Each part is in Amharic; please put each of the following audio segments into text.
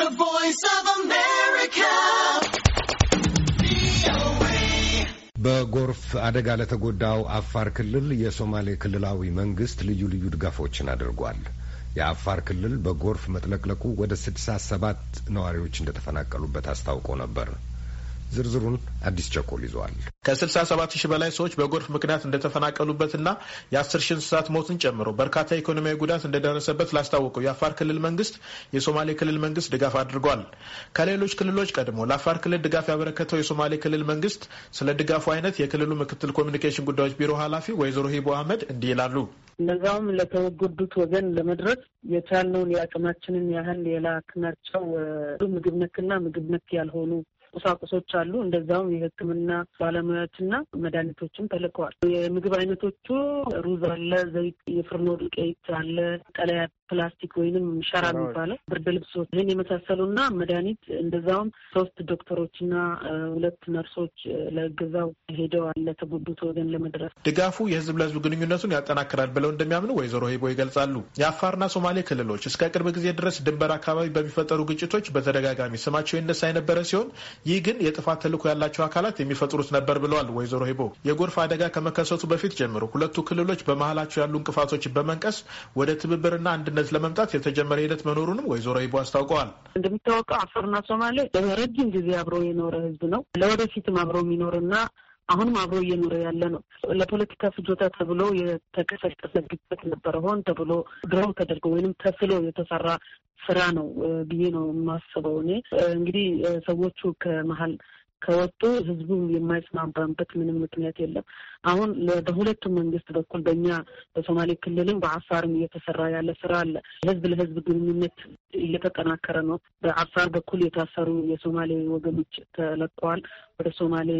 The Voice of America. በጎርፍ አደጋ ለተጎዳው አፋር ክልል የሶማሌ ክልላዊ መንግስት ልዩ ልዩ ድጋፎችን አድርጓል። የአፋር ክልል በጎርፍ መጥለቅለቁ ወደ ስድሳ ሰባት ነዋሪዎች እንደተፈናቀሉበት አስታውቆ ነበር። ዝርዝሩን አዲስ ቸኮል ይዘዋል። ከ67 ሺህ በላይ ሰዎች በጎርፍ ምክንያት እንደተፈናቀሉበትና የ10 ሺህ እንስሳት ሞትን ጨምሮ በርካታ ኢኮኖሚያዊ ጉዳት እንደደረሰበት ላስታወቀው የአፋር ክልል መንግስት የሶማሌ ክልል መንግስት ድጋፍ አድርጓል። ከሌሎች ክልሎች ቀድሞ ለአፋር ክልል ድጋፍ ያበረከተው የሶማሌ ክልል መንግስት ስለ ድጋፉ አይነት የክልሉ ምክትል ኮሚኒኬሽን ጉዳዮች ቢሮ ኃላፊ ወይዘሮ ሂቦ አህመድ እንዲህ ይላሉ። እነዛውም ለተወገዱት ወገን ለመድረስ የቻልነውን የአቅማችንን ያህል የላክናቸው ምግብ ነክና ምግብ ነክ ያልሆኑ ቁሳቁሶች አሉ። እንደዛውም የሕክምና ባለሙያዎችና መድኃኒቶችም ተልከዋል። የምግብ አይነቶቹ ሩዝ አለ፣ ዘይት፣ የፍርኖ ዱቄት አለ፣ ቀለያ ፕላስቲክ ወይንም ሸራ የሚባለው ብርድ ልብሶች፣ ይህን የመሳሰሉና መድኃኒት እንደዛውም ሶስት ዶክተሮችና ሁለት ነርሶች ለገዛው ሄደዋል ለተጎዱት ወገን ለመድረስ ድጋፉ የህዝብ ለህዝብ ግንኙነቱን ያጠናክራል ብለው እንደሚያምኑ ወይዘሮ ሄቦ ይገልጻሉ። የአፋርና ሶማሌ ክልሎች እስከ ቅርብ ጊዜ ድረስ ድንበር አካባቢ በሚፈጠሩ ግጭቶች በተደጋጋሚ ስማቸው ይነሳ የነበረ ሲሆን ይህ ግን የጥፋት ተልዕኮ ያላቸው አካላት የሚፈጥሩት ነበር ብለዋል ወይዘሮ ሄቦ። የጎርፍ አደጋ ከመከሰቱ በፊት ጀምሮ ሁለቱ ክልሎች በመሀላቸው ያሉ እንቅፋቶች በመንቀስ ወደ ትብብርና አንድነት ስምምነት ለመምጣት የተጀመረ ሂደት መኖሩንም ወይዘሮ ይቦ አስታውቀዋል። እንደሚታወቀው አፋርና ሶማሌ ለረጅም ጊዜ አብሮ የኖረ ህዝብ ነው። ለወደፊትም አብሮ የሚኖርና አሁንም አብሮ እየኖረ ያለ ነው። ለፖለቲካ ፍጆታ ተብሎ የተቀሰቀሰ ግጭት ነበረ። ሆን ተብሎ ድሮው ተደርጎ ወይንም ተስሎ የተሰራ ስራ ነው ብዬ ነው የማስበው እኔ እንግዲህ ሰዎቹ ከመሀል ከወጡ ህዝቡ የማይስማማበት ምንም ምክንያት የለም። አሁን በሁለቱም መንግስት በኩል በእኛ በሶማሌ ክልልም በአፋርም እየተሰራ ያለ ስራ አለ። ህዝብ ለህዝብ ግንኙነት እየተጠናከረ ነው። በአፋር በኩል የታሰሩ የሶማሌ ወገኖች ተለቀዋል፣ ወደ ሶማሌ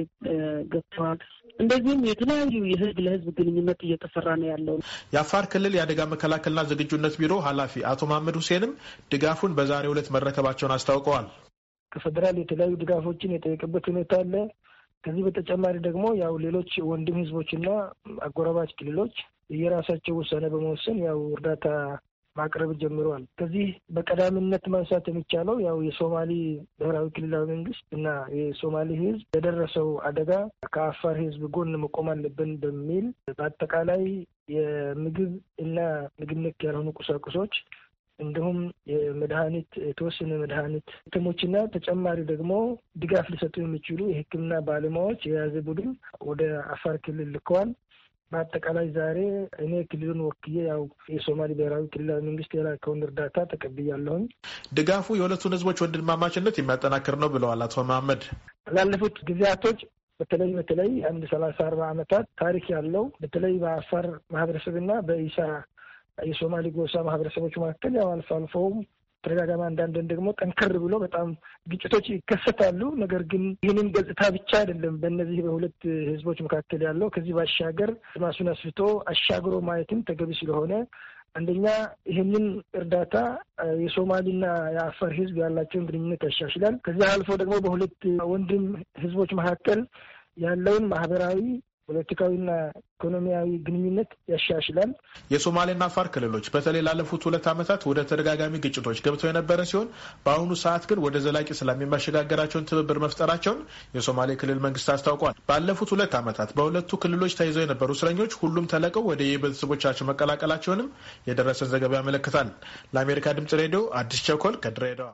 ገብተዋል። እንደዚሁም የተለያዩ የህዝብ ለህዝብ ግንኙነት እየተሰራ ነው ያለው። የአፋር ክልል የአደጋ መከላከልና ዝግጁነት ቢሮ ኃላፊ አቶ መሀመድ ሁሴንም ድጋፉን በዛሬው ዕለት መረከባቸውን አስታውቀዋል። ከፌዴራል የተለያዩ ድጋፎችን የጠየቀበት ሁኔታ አለ። ከዚህ በተጨማሪ ደግሞ ያው ሌሎች ወንድም ህዝቦችና አጎራባች ክልሎች የራሳቸው ውሳኔ በመወሰን ያው እርዳታ ማቅረብ ጀምረዋል። ከዚህ በቀዳሚነት ማንሳት የሚቻለው ያው የሶማሊ ብሔራዊ ክልላዊ መንግስት እና የሶማሌ ህዝብ ለደረሰው አደጋ ከአፋር ህዝብ ጎን መቆም አለብን በሚል በአጠቃላይ የምግብ እና ምግብ ነክ ያልሆኑ ቁሳቁሶች እንዲሁም የመድኃኒት የተወሰነ መድኃኒት ህክሞችና ተጨማሪ ደግሞ ድጋፍ ሊሰጡ የሚችሉ የህክምና ባለሙያዎች የያዘ ቡድን ወደ አፋር ክልል ልከዋል። በአጠቃላይ ዛሬ እኔ ክልሉን ወክዬ ያው የሶማሌ ብሔራዊ ክልላዊ መንግስት የላከውን እርዳታ ተቀብያለሁኝ። ድጋፉ የሁለቱን ህዝቦች ወንድማማችነት የሚያጠናክር ነው ብለዋል አቶ መሀመድ። ላለፉት ጊዜያቶች በተለይ በተለይ አንድ ሰላሳ አርባ ዓመታት ታሪክ ያለው በተለይ በአፋር ማህበረሰብና በኢሳ የሶማሌ ጎሳ ማህበረሰቦች መካከል ያው አልፎ አልፎውም ተደጋጋሚ አንዳንድን ደግሞ ጠንከር ብሎ በጣም ግጭቶች ይከሰታሉ። ነገር ግን ይህንን ገጽታ ብቻ አይደለም በእነዚህ በሁለት ህዝቦች መካከል ያለው ከዚህ ባሻገር ማሱን አስፍቶ አሻግሮ ማየትም ተገቢ ስለሆነ አንደኛ ይህንን እርዳታ የሶማሊና የአፋር ህዝብ ያላቸውን ግንኙነት ያሻሽላል። ከዚህ አልፎ ደግሞ በሁለት ወንድም ህዝቦች መካከል ያለውን ማህበራዊ ፖለቲካዊና ኢኮኖሚያዊ ግንኙነት ያሻሽላል። የሶማሌና አፋር ክልሎች በተለይ ላለፉት ሁለት ዓመታት ወደ ተደጋጋሚ ግጭቶች ገብተው የነበረ ሲሆን በአሁኑ ሰዓት ግን ወደ ዘላቂ ሰላም የማሸጋገራቸውን ትብብር መፍጠራቸውን የሶማሌ ክልል መንግስት አስታውቋል። ባለፉት ሁለት ዓመታት በሁለቱ ክልሎች ተይዘው የነበሩ እስረኞች ሁሉም ተለቀው ወደ የቤተሰቦቻቸው መቀላቀላቸውንም የደረሰን ዘገባ ያመለክታል። ለአሜሪካ ድምጽ ሬዲዮ አዲስ ቸኮል ከድሬዳዋ